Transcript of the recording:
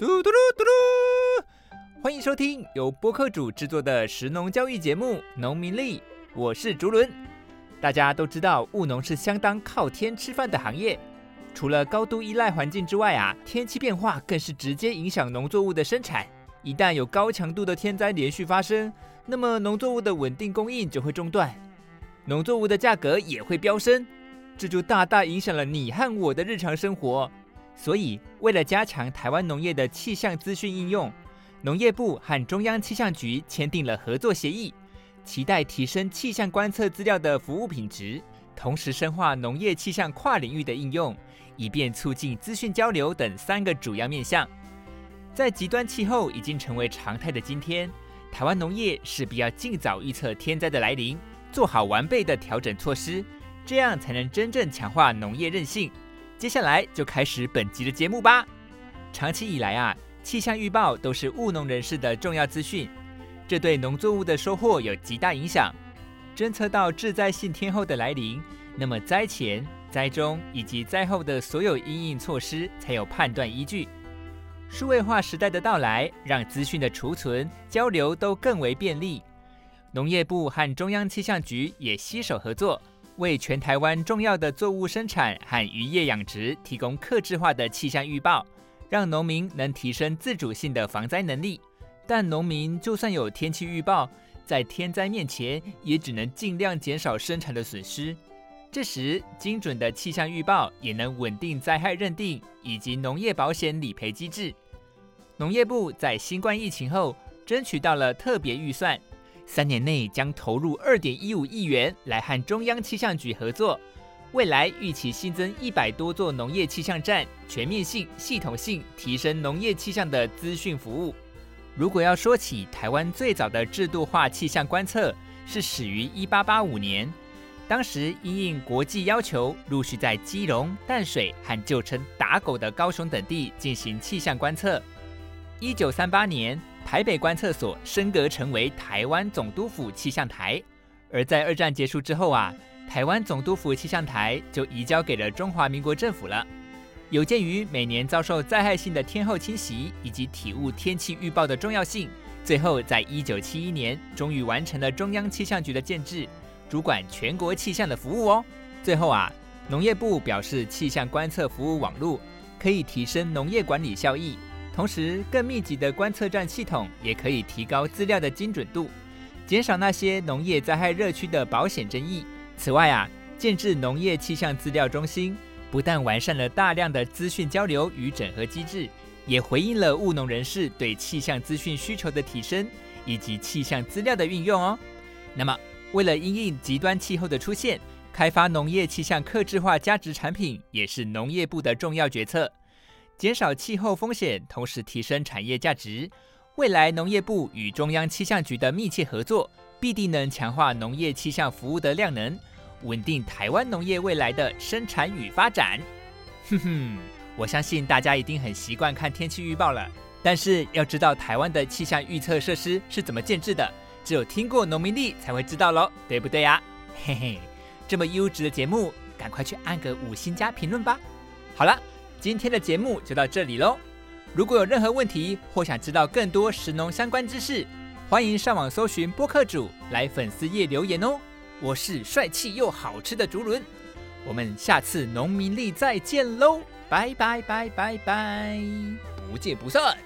嘟嘟嚕嘟嚕，歡迎收聽由播客煮製作的食農教育節目《農民粒》，我是竹輪。大家都知道，務農是相當靠天吃飯的行業。除了高度依賴環境之外啊，天氣變化更是直接影響農作物的生產。一旦有高強度的天災連續發生，那麼農作物的穩定供應就會中斷，農作物的價格也會飆升，這就大大影響了你和我的日常生活。所以，為了加強台灣農業的氣象資訊應用，農業部和中央氣象局簽訂了合作協議，期待提升氣象觀測資料的服務品質，同時深化農業氣象跨領域的應用，以便促進資訊交流等三個主要面向。在極端氣候已經成為常態的今天，台灣農業勢必要盡早預測天災的來臨，做好完備的調整措施，這樣才能真正強化農業韌性。接下來就開始本集的節目吧。長期以來啊，氣象預報都是務農人士的重要資訊，這對農作物的收穫有極大影響。偵測到致災性天候的來臨，那麼災前、災中以及災後的所有因應措施才有判斷依據。數位化時代的到來，讓資訊的儲存、交流都更為便利。農業部和中央氣象局也攜手合作。為全台灣重要的作物生產和漁業養殖提供客制化的氣象預報，讓農民能提升自主性的防災能力。但農民就算有天氣預報，在天災面前也只能儘量減少生產的損失。這時，精準的氣象預報也能穩定災害認定以及農業保險理賠機制。農業部在新冠疫情後爭取到了特別預算。三年內將投入二點一五億元來和中央氣象局合作，未來預期新增一百多座農業氣象站，全面性、系統性提升農業氣象的資訊服務。如果要說起台灣最早的制度化氣象觀測，是始於一八八五年，當時因應國際要求，陸續在基隆、淡水和舊稱打狗的高雄等地進行氣象觀測。一九三八年。台北觀測所升格成為台灣總督府氣象台，而在二戰結束之後啊，台灣總督府氣象台就移交給了中華民國政府了。有鑑於每年遭受災害性的天候侵襲，以及體悟天氣預報的重要性，最後在一九七一年終於完成了中央氣象局的建制，主管全國氣象的服務哦。最後啊，農業部表示，氣象觀測服務網絡可以提升農業管理效益。同時，更密集的觀測站系統也可以提高資料的精準度，減少那些農業災害熱區的保險爭議。此外啊，建置農業氣象資料中心，不但完善了大量的資訊交流與整合機制，也回應了務農人士對氣象資訊需求的提升以及氣象資料的運用哦。那麼，為了因應極端氣候的出現，開發農業氣象客製化加值產品，也是農業部的重要決策。減少氣候風險，同時提升產業價值。未來農業部與中央氣象局的密切合作，必定能強化農業氣象服務的量能，穩定台灣農業未來的生產與發展。哼哼，我相信大家一定很習慣看天氣預報了，但是要知道台灣的氣象預測設施是怎麼建制的，只有聽過農民粒才會知道嘍，對不對呀、啊？嘿嘿，這麼優質的節目，趕快去按個五星加評論吧。好了。今天的節目就到這裡嘍。如果有任何問題或想知道更多食農相關知識，歡迎上網搜尋播客煮來粉絲頁留言哦。我是帥氣又好吃的竹輪，我們下次農民粒再見嘍，拜拜拜拜拜，不見不散。